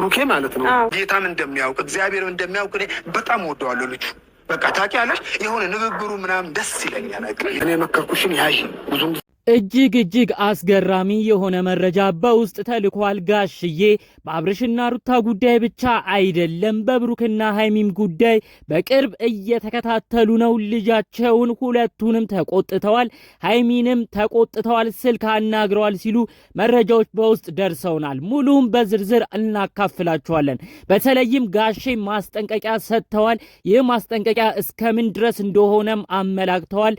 ብሩኬ ማለት ነው። ጌታም እንደሚያውቅ እግዚአብሔርም እንደሚያውቅ እኔ በጣም ወደዋለሁ ልጁ በቃ ታውቂያለሽ፣ የሆነ ንግግሩ ምናምን ደስ ይለኛል። እኔ የመከርኩሽን ያዥ ብዙም እጅግ እጅግ አስገራሚ የሆነ መረጃ በውስጥ ተልኳል። ጋሽዬ በአብርሽና ሩታ ጉዳይ ብቻ አይደለም፣ በብሩክና ሀይሚም ጉዳይ በቅርብ እየተከታተሉ ነው። ልጃቸውን ሁለቱንም ተቆጥተዋል፣ ሀይሚንም ተቆጥተዋል፣ ስልክ አናግረዋል ሲሉ መረጃዎች በውስጥ ደርሰውናል። ሙሉም በዝርዝር እናካፍላችኋለን። በተለይም ጋሼ ማስጠንቀቂያ ሰጥተዋል። ይህ ማስጠንቀቂያ እስከምን ድረስ እንደሆነም አመላክተዋል።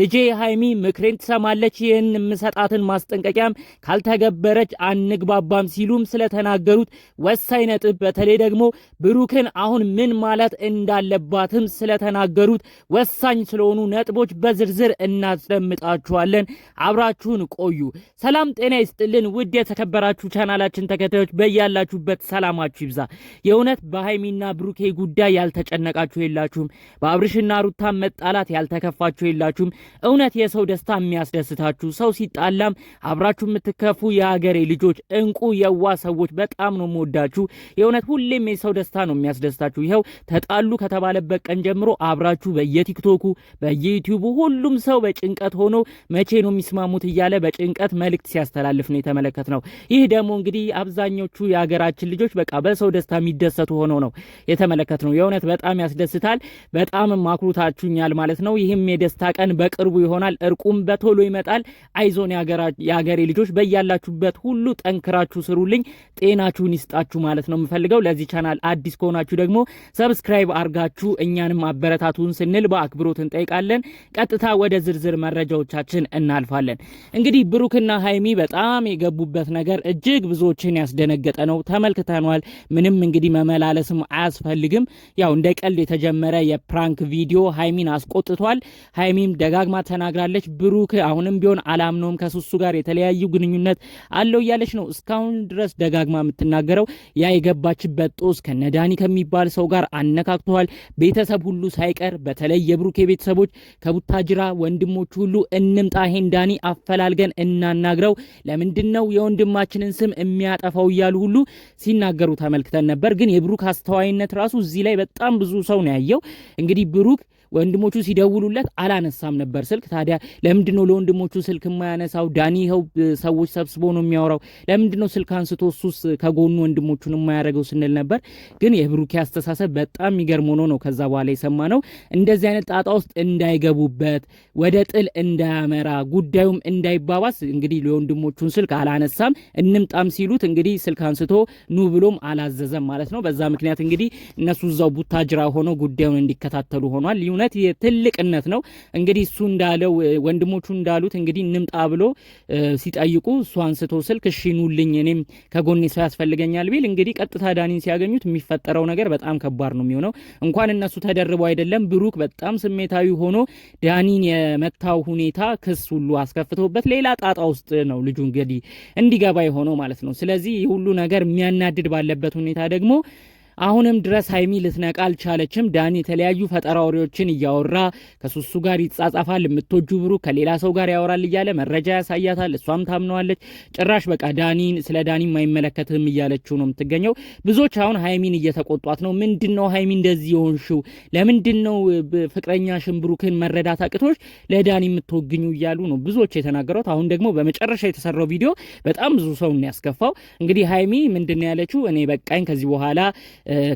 ልጄ ሀይሚ ምክሬን ትሰማለች ይህን የምሰጣትን ማስጠንቀቂያም ካልተገበረች አንግባባም ሲሉም ስለተናገሩት ወሳኝ ነጥብ በተለይ ደግሞ ብሩክን አሁን ምን ማለት እንዳለባትም ስለተናገሩት ወሳኝ ስለሆኑ ነጥቦች በዝርዝር እናስደምጣችኋለን። አብራችሁን ቆዩ። ሰላም ጤና ይስጥልን። ውድ የተከበራችሁ ቻናላችን ተከታዮች በያላችሁበት ሰላማችሁ ይብዛ። የእውነት በሀይሚና ብሩኬ ጉዳይ ያልተጨነቃችሁ የላችሁም። በአብርሽና ሩታ መጣላት ያልተከፋችሁ የላችሁም። እውነት የሰው ደስታ የሚያስደስታችሁ ያላችሁ ሰው ሲጣላም አብራችሁ የምትከፉ የሀገሬ ልጆች እንቁ የዋ ሰዎች በጣም ነው የምወዳችሁ። የእውነት ሁሌም የሰው ደስታ ነው የሚያስደስታችሁ። ይኸው ተጣሉ ከተባለበት ቀን ጀምሮ አብራችሁ በየቲክቶኩ በየዩቲዩቡ ሁሉም ሰው በጭንቀት ሆኖ መቼ ነው የሚስማሙት እያለ በጭንቀት መልእክት ሲያስተላልፍ ነው የተመለከት ነው። ይህ ደግሞ እንግዲህ አብዛኞቹ የሀገራችን ልጆች በቃ በሰው ደስታ የሚደሰቱ ሆነው ነው የተመለከት ነው። የእውነት በጣም ያስደስታል። በጣም ማኩሩታችሁኛል ማለት ነው። ይህም የደስታ ቀን በቅርቡ ይሆናል። እርቁም በቶሎ ይመጣል። አይዞን የሀገሬ ልጆች በያላችሁበት ሁሉ ጠንክራችሁ ስሩልኝ፣ ጤናችሁን ይስጣችሁ ማለት ነው የምፈልገው። ለዚህ ቻናል አዲስ ከሆናችሁ ደግሞ ሰብስክራይብ አርጋችሁ እኛንም አበረታቱን ስንል በአክብሮት እንጠይቃለን። ቀጥታ ወደ ዝርዝር መረጃዎቻችን እናልፋለን። እንግዲህ ብሩክና ሀይሚ በጣም የገቡበት ነገር እጅግ ብዙዎችን ያስደነገጠ ነው። ተመልክተኗል። ምንም እንግዲህ መመላለስም አያስፈልግም። ያው እንደ ቀልድ የተጀመረ የፕራንክ ቪዲዮ ሀይሚን አስቆጥቷል። ሀይሚም ደጋግማ ተናግራለች። ብሩክ አሁንም ቢሆን ቢሆን አላምነውም ከሱሱ ጋር የተለያዩ ግንኙነት አለው እያለች ነው እስካሁን ድረስ ደጋግማ የምትናገረው። ያ የገባችበት ጦስ ከነዳኒ ከሚባል ሰው ጋር አነካክተዋል። ቤተሰብ ሁሉ ሳይቀር በተለይ የብሩኬ ቤተሰቦች ከቡታጅራ ወንድሞች ሁሉ እንምጣ ይሄን ዳኒ አፈላልገን እናናግረው፣ ለምንድን ነው የወንድማችንን ስም የሚያጠፋው እያሉ ሁሉ ሲናገሩ ተመልክተን ነበር። ግን የብሩክ አስተዋይነት ራሱ እዚህ ላይ በጣም ብዙ ሰው ነው ያየው። እንግዲህ ብሩክ ወንድሞቹ ሲደውሉለት አላነሳም ነበር ስልክ። ታዲያ ለምንድን ነው ለወንድሞቹ ስልክ የማያነሳው? ዳኒ ይኸው ሰዎች ሰብስቦ ነው የሚያወራው። ለምንድን ነው ስልክ አንስቶ እሱስ ከጎኑ ወንድሞቹን የማያደርገው ስንል ነበር። ግን የብሩኬ አስተሳሰብ በጣም የሚገርም ሆኖ ነው ከዛ በኋላ የሰማ ነው። እንደዚህ አይነት ጣጣ ውስጥ እንዳይገቡበት ወደ ጥል እንዳያመራ ጉዳዩም እንዳይባባስ እንግዲህ ለወንድሞቹን ስልክ አላነሳም። እንምጣም ሲሉት እንግዲህ ስልክ አንስቶ ኑ ብሎም አላዘዘም ማለት ነው። በዛ ምክንያት እንግዲህ እነሱ እዛው ቡታጅራ ሆነው ጉዳዩን እንዲከታተሉ ሆኗል። እውነት ትልቅነት ነው። እንግዲህ እሱ እንዳለው ወንድሞቹ እንዳሉት እንግዲህ እንምጣ ብሎ ሲጠይቁ እሱ አንስቶ ስልክ እሺ ኑልኝ እኔም ከጎኔ ሰው ያስፈልገኛል ቢል እንግዲህ ቀጥታ ዳኒን ሲያገኙት የሚፈጠረው ነገር በጣም ከባድ ነው የሚሆነው። እንኳን እነሱ ተደርበው አይደለም ብሩክ በጣም ስሜታዊ ሆኖ ዳኒን የመታው ሁኔታ ክስ ሁሉ አስከፍቶበት ሌላ ጣጣ ውስጥ ነው ልጁ እንግዲህ እንዲገባ የሆነው ማለት ነው። ስለዚህ ሁሉ ነገር የሚያናድድ ባለበት ሁኔታ ደግሞ አሁንም ድረስ ሀይሚ ልትነቃ አልቻለችም። ዳኒ የተለያዩ ፈጠራ ወሬዎችን እያወራ ከሱሱ ጋር ይጻጻፋል። የምትወጁ ብሩ ከሌላ ሰው ጋር ያወራል እያለ መረጃ ያሳያታል። እሷም ታምነዋለች። ጭራሽ በቃ ዳኒን ስለ ዳኒ አይመለከትም እያለችው ነው የምትገኘው። ብዙዎች አሁን ሀይሚን እየተቆጧት ነው። ምንድን ነው ሀይሚ እንደዚህ የሆንሽው? ለምንድን ነው ፍቅረኛ ሽንብሩክን መረዳት አቅቶች ለዳኒ የምትወግኙ እያሉ ነው ብዙዎች የተናገሩት። አሁን ደግሞ በመጨረሻ የተሰራው ቪዲዮ በጣም ብዙ ሰው ያስከፋው። እንግዲህ ሀይሚ ምንድን ያለችው እኔ በቃኝ ከዚህ በኋላ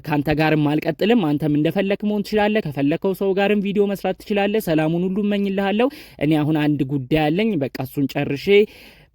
ከአንተ ጋርም አልቀጥልም፣ አንተም እንደፈለክ መሆን ትችላለህ፣ ከፈለከው ሰው ጋርም ቪዲዮ መስራት ትችላለህ፣ ሰላሙን ሁሉ እመኝልሃለሁ። እኔ አሁን አንድ ጉዳይ አለኝ፣ በቃ እሱን ጨርሼ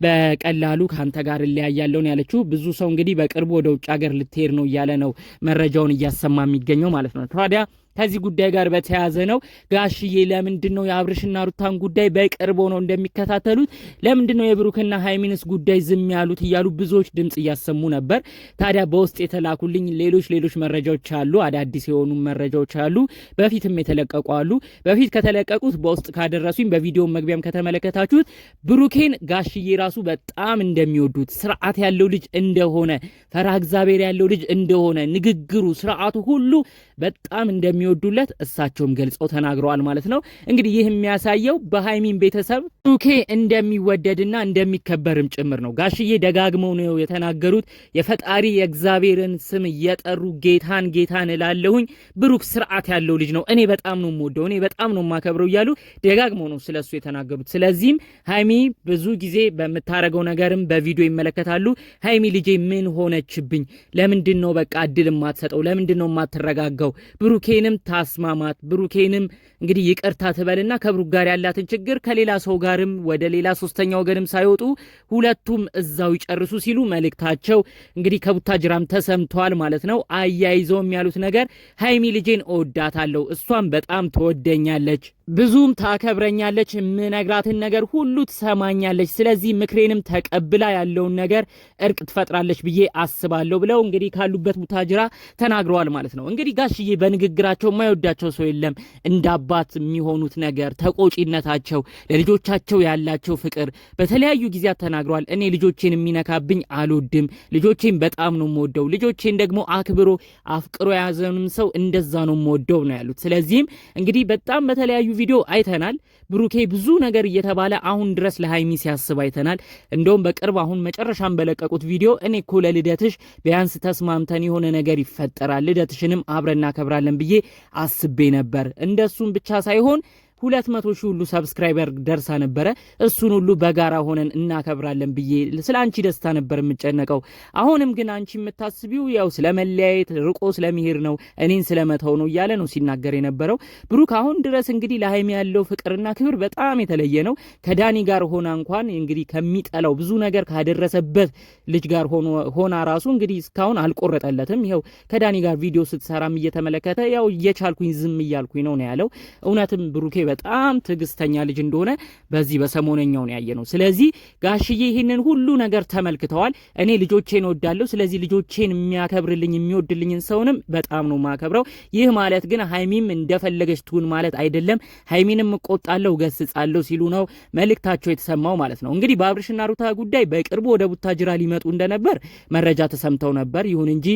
በቀላሉ ከአንተ ጋር እለያያለሁ ነው ያለችው። ብዙ ሰው እንግዲህ በቅርቡ ወደ ውጭ ሀገር ልትሄድ ነው እያለ ነው መረጃውን እያሰማ የሚገኘው ማለት ነው ታዲያ ከዚህ ጉዳይ ጋር በተያያዘ ነው። ጋሽዬ ለምንድን ነው የአብርሽና ሩታን ጉዳይ በቅርብ ሆነው እንደሚከታተሉት ለምንድን ነው የብሩክና ሃይሚንስ ጉዳይ ዝም ያሉት እያሉ ብዙዎች ድምፅ እያሰሙ ነበር። ታዲያ በውስጥ የተላኩልኝ ሌሎች ሌሎች መረጃዎች አሉ፣ አዳዲስ የሆኑ መረጃዎች አሉ፣ በፊትም የተለቀቁ አሉ። በፊት ከተለቀቁት በውስጥ ካደረሱኝ በቪዲዮ መግቢያም ከተመለከታችሁት ብሩኬን ጋሽዬ ራሱ በጣም እንደሚወዱት ስርዓት ያለው ልጅ እንደሆነ ፈራ እግዚአብሔር ያለው ልጅ እንደሆነ ንግግሩ፣ ስርዓቱ ሁሉ በጣም እንደሚ እንደሚወዱለት እሳቸውም ገልጸው ተናግረዋል ማለት ነው። እንግዲህ ይህ የሚያሳየው በሀይሚን ቤተሰብ ብሩኬ እንደሚወደድና እንደሚከበርም ጭምር ነው። ጋሽዬ ደጋግመው ነው የተናገሩት። የፈጣሪ የእግዚአብሔርን ስም እየጠሩ ጌታን ጌታን እላለሁኝ፣ ብሩክ ስርዓት ያለው ልጅ ነው፣ እኔ በጣም ነው የምወደው፣ እኔ በጣም ነው የማከብረው እያሉ ደጋግመው ነው ስለሱ የተናገሩት። ስለዚህም ሀይሚ ብዙ ጊዜ በምታረገው ነገርም በቪዲዮ ይመለከታሉ። ሀይሚ ልጄ ምን ሆነችብኝ? ለምንድን ነው በቃ እድል የማትሰጠው? ለምንድን ነው የማትረጋጋው? ብሩኬንም ታስማማት ብሩኬንም እንግዲህ ይቅርታ ትበልና ከብሩክ ጋር ያላትን ችግር ከሌላ ሰው ጋርም ወደ ሌላ ሶስተኛ ወገንም ሳይወጡ ሁለቱም እዛው ይጨርሱ ሲሉ መልእክታቸው እንግዲህ ከቡታጅራም ተሰምተዋል ማለት ነው። አያይዘውም ያሉት ነገር ሀይሚ ልጄን እወዳታለሁ፣ እሷም በጣም ትወደኛለች፣ ብዙም ታከብረኛለች፣ የምነግራትን ነገር ሁሉ ትሰማኛለች፣ ስለዚህ ምክሬንም ተቀብላ ያለውን ነገር እርቅ ትፈጥራለች ብዬ አስባለሁ ብለው እንግዲህ ካሉበት ቡታጅራ ተናግረዋል ማለት ነው። እንግዲህ ጋሽዬ በንግግራቸው የማይወዳቸው ሰው የለም እንዳባ አባት የሚሆኑት ነገር ተቆጪነታቸው፣ ለልጆቻቸው ያላቸው ፍቅር በተለያዩ ጊዜያት ተናግሯል እኔ ልጆቼን የሚነካብኝ አልወድም፣ ልጆቼን በጣም ነው የምወደው፣ ልጆቼን ደግሞ አክብሮ አፍቅሮ የያዘንም ሰው እንደዛ ነው የምወደው ነው ያሉት። ስለዚህም እንግዲህ በጣም በተለያዩ ቪዲዮ አይተናል። ብሩኬ ብዙ ነገር እየተባለ አሁን ድረስ ለሀይሚ ሲያስብ አይተናል። እንደውም በቅርብ አሁን መጨረሻን በለቀቁት ቪዲዮ እኔ እኮ ለልደትሽ ቢያንስ ተስማምተን የሆነ ነገር ይፈጠራል ልደትሽንም አብረን እናከብራለን ብዬ አስቤ ነበር እንደሱም ብቻ ሳይሆን ሁለት መቶ ሺህ ሁሉ ሰብስክራይበር ደርሳ ነበረ። እሱን ሁሉ በጋራ ሆነን እናከብራለን ብዬ ስለ አንቺ ደስታ ነበር የምጨነቀው። አሁንም ግን አንቺ የምታስቢው ያው ስለ መለያየት ርቆ ስለመሄድ ነው፣ እኔን ስለመተው ነው እያለ ነው ሲናገር የነበረው ብሩክ። አሁን ድረስ እንግዲህ ለሀይሚ ያለው ፍቅርና ክብር በጣም የተለየ ነው። ከዳኒ ጋር ሆና እንኳን እንግዲህ ከሚጠላው ብዙ ነገር ካደረሰበት ልጅ ጋር ሆና ራሱ እንግዲህ እስካሁን አልቆረጠለትም። ይኸው ከዳኒ ጋር ቪዲዮ ስትሰራም እየተመለከተ ያው እየቻልኩኝ ዝም እያልኩኝ ነው ነው ያለው። እውነትም ብሩኬ በጣም ትዕግስተኛ ልጅ እንደሆነ በዚህ በሰሞነኛው ነው ያየነው። ስለዚህ ጋሽዬ ይህንን ሁሉ ነገር ተመልክተዋል። እኔ ልጆቼን ወዳለሁ። ስለዚህ ልጆቼን የሚያከብርልኝ የሚወድልኝን ሰውንም በጣም ነው ማከብረው። ይህ ማለት ግን ሀይሚም እንደፈለገች ትሁን ማለት አይደለም። ሀይሚንም እቆጣለሁ፣ ገስጻለሁ ሲሉ ነው መልእክታቸው የተሰማው ማለት ነው። እንግዲህ በአብርሽና ሩታ ጉዳይ በቅርቡ ወደ ቡታጅራ ሊመጡ እንደነበር መረጃ ተሰምተው ነበር። ይሁን እንጂ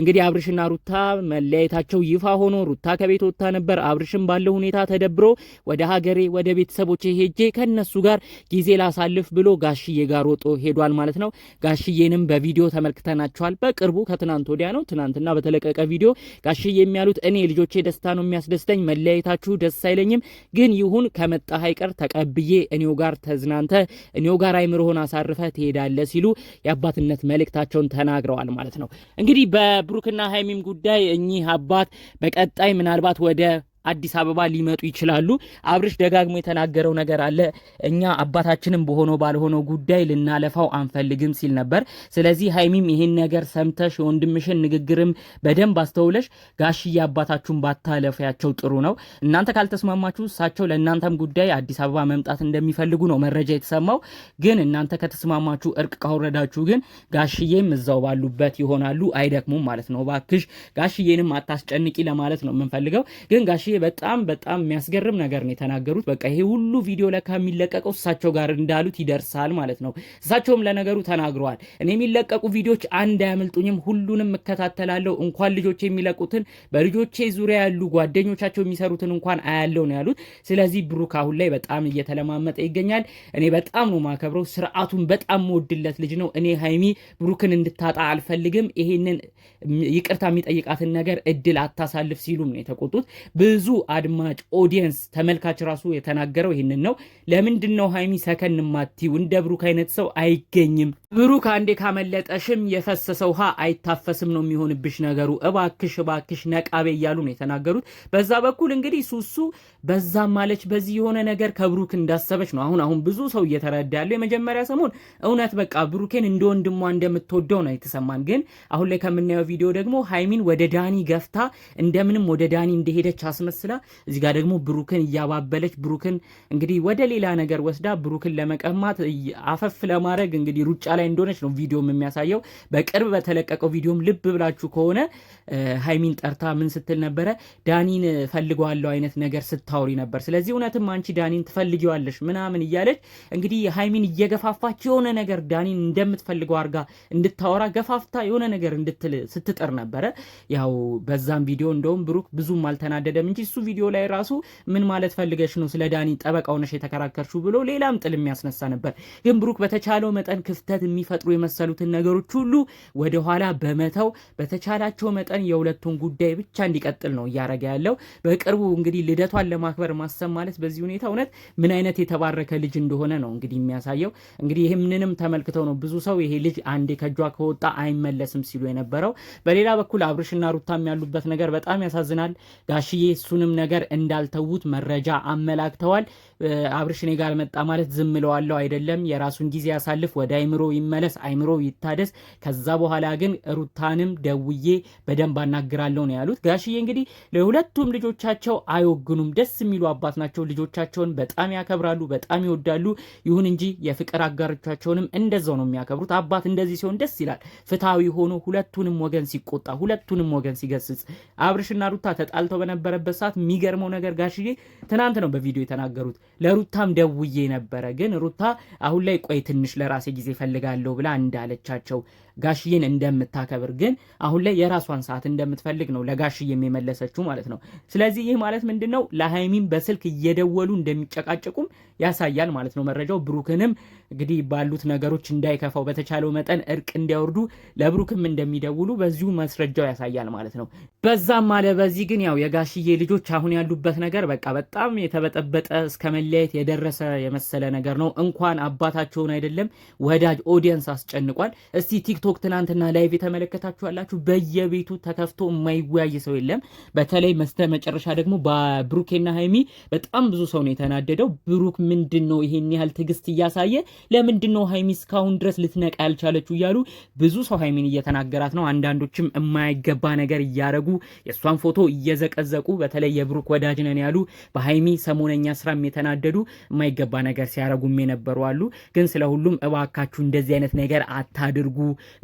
እንግዲህ አብርሽና ሩታ መለያየታቸው ይፋ ሆኖ ሩታ ከቤት ወጥታ ነበር። አብርሽም ባለው ሁኔታ ተደብሮ ወደ ሀገሬ ወደ ቤተሰቦቼ ሄጄ ከነሱ ጋር ጊዜ ላሳልፍ ብሎ ጋሽዬ ጋር ሮጦ ሄዷል ማለት ነው። ጋሽዬንም በቪዲዮ ተመልክተናቸዋል። በቅርቡ ከትናንት ወዲያ ነው፣ ትናንትና በተለቀቀ ቪዲዮ ጋሽዬ የሚያሉት እኔ ልጆቼ ደስታ ነው የሚያስደስተኝ፣ መለያየታችሁ ደስ አይለኝም፣ ግን ይሁን ከመጣ ሀይቀር ተቀብዬ እኔው ጋር ተዝናንተ እኔው ጋር አይምሮህን አሳርፈ ትሄዳለ ሲሉ የአባትነት መልእክታቸውን ተናግረዋል ማለት ነው። እንግዲህ በብሩክና ሀይሚም ጉዳይ እኚህ አባት በቀጣይ ምናልባት ወደ አዲስ አበባ ሊመጡ ይችላሉ። አብርሽ ደጋግሞ የተናገረው ነገር አለ። እኛ አባታችንም በሆነው ባልሆነው ጉዳይ ልናለፋው አንፈልግም ሲል ነበር። ስለዚህ ሀይሚም ይህን ነገር ሰምተሽ የወንድምሽን ንግግርም በደንብ አስተውለሽ ጋሽዬ አባታችሁን ባታለፊያቸው ጥሩ ነው። እናንተ ካልተስማማችሁ እሳቸው ለእናንተም ጉዳይ አዲስ አበባ መምጣት እንደሚፈልጉ ነው መረጃ የተሰማው። ግን እናንተ ከተስማማችሁ እርቅ ካወረዳችሁ ግን ጋሽዬም እዛው ባሉበት ይሆናሉ። አይደክሙም ማለት ነው። እባክሽ ጋሽዬንም አታስጨንቂ ለማለት ነው የምንፈልገው ግን ጋሽዬ በጣም በጣም የሚያስገርም ነገር ነው የተናገሩት። በቃ ይሄ ሁሉ ቪዲዮ ላይ ከሚለቀቀው እሳቸው ጋር እንዳሉት ይደርሳል ማለት ነው። እሳቸውም ለነገሩ ተናግረዋል። እኔ የሚለቀቁ ቪዲዮዎች አንድ አያመልጡኝም፣ ሁሉንም እከታተላለሁ። እንኳን ልጆች የሚለቁትን በልጆቼ ዙሪያ ያሉ ጓደኞቻቸው የሚሰሩትን እንኳን አያለው ነው ያሉት። ስለዚህ ብሩክ አሁን ላይ በጣም እየተለማመጠ ይገኛል። እኔ በጣም ነው ማከብረው፣ ስርዓቱን በጣም መወድለት ልጅ ነው። እኔ ሀይሚ ብሩክን እንድታጣ አልፈልግም። ይሄንን ይቅርታ የሚጠይቃትን ነገር እድል አታሳልፍ ሲሉም ነው የተቆጡት ብዙ ብዙ አድማጭ ኦዲየንስ ተመልካች ራሱ የተናገረው ይህንን ነው። ለምንድን ነው ሀይሚ ሰከን ማቲው? እንደ ብሩክ አይነት ሰው አይገኝም። ብሩክ አንዴ ካመለጠሽም የፈሰሰ ውሃ አይታፈስም ነው የሚሆንብሽ ነገሩ። እባክሽ እባክሽ ነቃቤ እያሉ ነው የተናገሩት። በዛ በኩል እንግዲህ ሱሱ በዛም ማለች በዚህ የሆነ ነገር ከብሩክ እንዳሰበች ነው አሁን አሁን ብዙ ሰው እየተረዳ ያለው። የመጀመሪያ ሰሞን እውነት በቃ ብሩኬን እንደ ወንድሟ እንደምትወደው ነው የተሰማን። ግን አሁን ላይ ከምናየው ቪዲዮ ደግሞ ሀይሚን ወደ ዳኒ ገፍታ እንደምንም ወደ ዳኒ እንደሄደች አስ አስመስላ እዚህ ጋር ደግሞ ብሩክን እያባበለች ብሩክን እንግዲህ ወደ ሌላ ነገር ወስዳ ብሩክን ለመቀማት አፈፍ ለማድረግ እንግዲህ ሩጫ ላይ እንደሆነች ነው ቪዲዮም የሚያሳየው። በቅርብ በተለቀቀው ቪዲዮም ልብ ብላችሁ ከሆነ ሀይሚን ጠርታ ምን ስትል ነበረ? ዳኒን ፈልገዋለሁ አይነት ነገር ስታውሪ ነበር። ስለዚህ እውነትም አንቺ ዳኒን ትፈልጊዋለሽ ምናምን እያለች እንግዲህ ሀይሚን እየገፋፋች የሆነ ነገር ዳኒን እንደምትፈልገው አድርጋ እንድታወራ ገፋፍታ የሆነ ነገር እንድትል ስትጥር ነበረ። ያው በዛም ቪዲዮ እንደውም ብሩክ ብዙም አልተናደደም እንጂ አንቺ እሱ ቪዲዮ ላይ ራሱ ምን ማለት ፈልገሽ ነው ስለ ዳኒ ጠበቃ ሆነሽ የተከራከርሽው ብሎ ሌላም ጥል የሚያስነሳ ነበር። ግን ብሩክ በተቻለው መጠን ክፍተት የሚፈጥሩ የመሰሉትን ነገሮች ሁሉ ወደኋላ በመተው በተቻላቸው መጠን የሁለቱን ጉዳይ ብቻ እንዲቀጥል ነው እያረገ ያለው። በቅርቡ እንግዲህ ልደቷን ለማክበር ማሰብ ማለት በዚህ ሁኔታ እውነት ምን አይነት የተባረከ ልጅ እንደሆነ ነው እንግዲህ የሚያሳየው። እንግዲህ ይህምንንም ተመልክተው ነው ብዙ ሰው ይሄ ልጅ አንዴ ከጇ ከወጣ አይመለስም ሲሉ የነበረው። በሌላ በኩል አብርሽና ሩታም ያሉበት ነገር በጣም ያሳዝናል። ጋሽዬ እሱንም ነገር እንዳልተዉት መረጃ አመላክተዋል። አብርሽ እኔ ጋር መጣ ማለት ዝም ለዋለው አይደለም፣ የራሱን ጊዜ ያሳልፍ፣ ወደ አይምሮ ይመለስ፣ አይምሮ ይታደስ። ከዛ በኋላ ግን ሩታንም ደውዬ በደንብ አናግራለሁ ነው ያሉት። ጋሽዬ እንግዲህ ለሁለቱም ልጆቻቸው አይወግኑም፣ ደስ የሚሉ አባት ናቸው። ልጆቻቸውን በጣም ያከብራሉ፣ በጣም ይወዳሉ። ይሁን እንጂ የፍቅር አጋሮቻቸውንም እንደዛው ነው የሚያከብሩት። አባት እንደዚህ ሲሆን ደስ ይላል። ፍትሐዊ ሆኖ ሁለቱንም ወገን ሲቆጣ፣ ሁለቱንም ወገን ሲገስጽ አብርሽና ሩታ ተጣልተው በነበረበት በሁለት ሰዓት የሚገርመው ነገር ጋሽዬ ትናንት ነው በቪዲዮ የተናገሩት። ለሩታም ደውዬ ነበረ፣ ግን ሩታ አሁን ላይ ቆይ ትንሽ ለራሴ ጊዜ ፈልጋለሁ ብላ እንዳለቻቸው ጋሽዬን እንደምታከብር ግን አሁን ላይ የራሷን ሰዓት እንደምትፈልግ ነው ለጋሽዬ የመለሰችው ማለት ነው። ስለዚህ ይህ ማለት ምንድን ነው? ለሀይሚም በስልክ እየደወሉ እንደሚጨቃጨቁም ያሳያል ማለት ነው መረጃው። ብሩክንም እንግዲህ ባሉት ነገሮች እንዳይከፋው በተቻለው መጠን እርቅ እንዲያወርዱ ለብሩክም እንደሚደውሉ በዚሁ ማስረጃው ያሳያል ማለት ነው። በዛም አለ በዚህ ግን ያው የጋሽዬ ልጅ ልጆች አሁን ያሉበት ነገር በቃ በጣም የተበጠበጠ እስከ መለያየት የደረሰ የመሰለ ነገር ነው። እንኳን አባታቸውን አይደለም ወዳጅ ኦዲየንስ አስጨንቋል። እስቲ ቲክቶክ ትናንትና ላይቭ የተመለከታችኋላችሁ። በየቤቱ ተከፍቶ የማይወያይ ሰው የለም። በተለይ መስተ መጨረሻ ደግሞ በብሩኬና ሀይሚ በጣም ብዙ ሰው ነው የተናደደው። ብሩክ ምንድን ነው ይሄን ያህል ትዕግስት እያሳየ ለምንድን ነው ሀይሚ እስካሁን ድረስ ልትነቃ ያልቻለችው? እያሉ ብዙ ሰው ሀይሚን እየተናገራት ነው። አንዳንዶችም የማይገባ ነገር እያረጉ የእሷን ፎቶ እየዘቀዘቁ በተለይ የብሩክ ወዳጅ ነን ያሉ በሀይሚ ሰሞነኛ ስራም የተናደዱ የማይገባ ነገር ሲያረጉም የነበሩ አሉ። ግን ስለ ሁሉም እባካችሁ እንደዚህ አይነት ነገር አታድርጉ።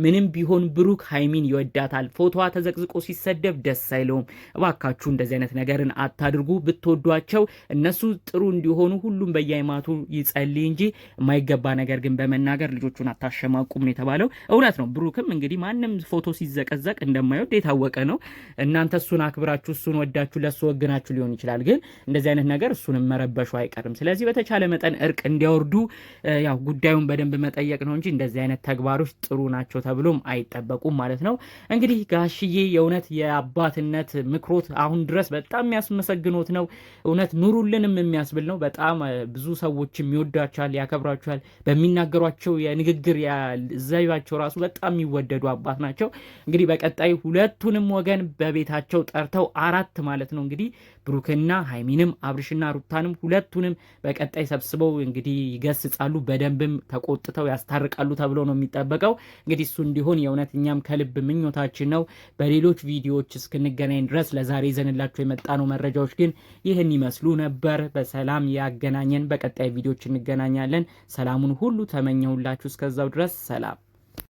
ምንም ቢሆን ብሩክ ሀይሚን ይወዳታል። ፎቶዋ ተዘቅዝቆ ሲሰደብ ደስ አይለውም። እባካችሁ እንደዚህ አይነት ነገርን አታድርጉ። ብትወዷቸው እነሱ ጥሩ እንዲሆኑ ሁሉም በየአይማቱ ይጸልይ እንጂ የማይገባ ነገር ግን በመናገር ልጆቹን አታሸማቁም ነው የተባለው። እውነት ነው። ብሩክም እንግዲህ ማንም ፎቶ ሲዘቀዘቅ እንደማይወድ የታወቀ ነው። እናንተ እሱን አክብራችሁ እሱን ወዳችሁ ለሱ ወግናችሁ ሊሆን ይችላል። ግን እንደዚህ አይነት ነገር እሱንም መረበሹ አይቀርም። ስለዚህ በተቻለ መጠን እርቅ እንዲያወርዱ ያው ጉዳዩን በደንብ መጠየቅ ነው እንጂ እንደዚህ አይነት ተግባሮች ጥሩ ናቸው ተብሎም አይጠበቁም ማለት ነው። እንግዲህ ጋሽዬ የእውነት የአባትነት ምክሮት አሁን ድረስ በጣም የሚያስመሰግኖት ነው። እውነት ኑሩልንም የሚያስብል ነው። በጣም ብዙ ሰዎችም ይወዷቸዋል፣ ያከብሯቸዋል። በሚናገሯቸው የንግግር ዘይቤያቸው ራሱ በጣም የሚወደዱ አባት ናቸው። እንግዲህ በቀጣይ ሁለቱንም ወገን በቤታቸው ጠርተው አራት ማለት ነው እንግዲህ ብሩክና ሀይሚንም አብርሽና ሩታንም ሁለቱንም በቀጣይ ሰብስበው እንግዲህ ይገስጻሉ፣ በደንብም ተቆጥተው ያስታርቃሉ ተብሎ ነው የሚጠበቀው። እንግዲህ እሱ እንዲሆን የእውነት እኛም ከልብ ምኞታችን ነው። በሌሎች ቪዲዮዎች እስክንገናኝ ድረስ ለዛሬ ይዘንላቸው የመጣ ነው መረጃዎች ግን ይህን ይመስሉ ነበር። በሰላም ያገናኘን። በቀጣይ ቪዲዮዎች እንገናኛለን። ሰላሙን ሁሉ ተመኘሁላችሁ። እስከዛው ድረስ ሰላም